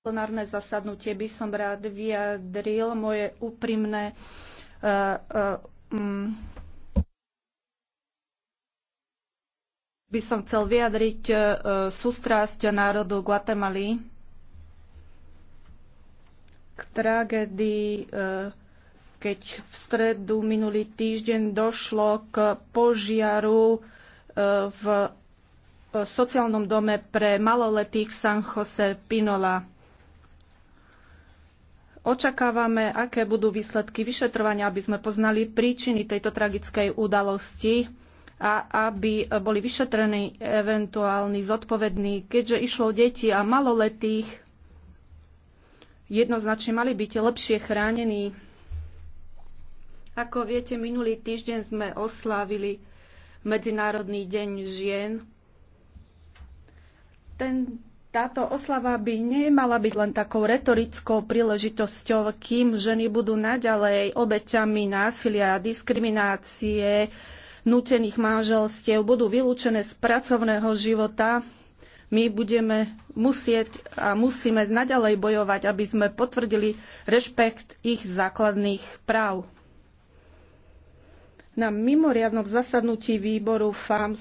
plenárne zasadnutie by som rád vyjadril moje úprimné e, e, mm, by som chcel vyjadriť e, sústrasť národu Guatemaly k tragédii, keď v stredu minulý týždeň došlo k požiaru v sociálnom dome pre maloletých v San Jose Pinola. Očakávame, aké budú výsledky vyšetrovania, aby sme poznali príčiny tejto tragickej udalosti a aby boli vyšetrení eventuálni zodpovední, keďže išlo o deti a maloletých, jednoznačne mali byť lepšie chránení. Ako viete, minulý týždeň sme oslávili Medzinárodný deň žien. Ten táto oslava by nemala byť len takou retorickou príležitosťou, kým ženy budú naďalej obeťami násilia a diskriminácie, nutených manželstiev, budú vylúčené z pracovného života. My budeme musieť a musíme naďalej bojovať, aby sme potvrdili rešpekt ich základných práv. Na mimoriadnom zasadnutí výboru FAMS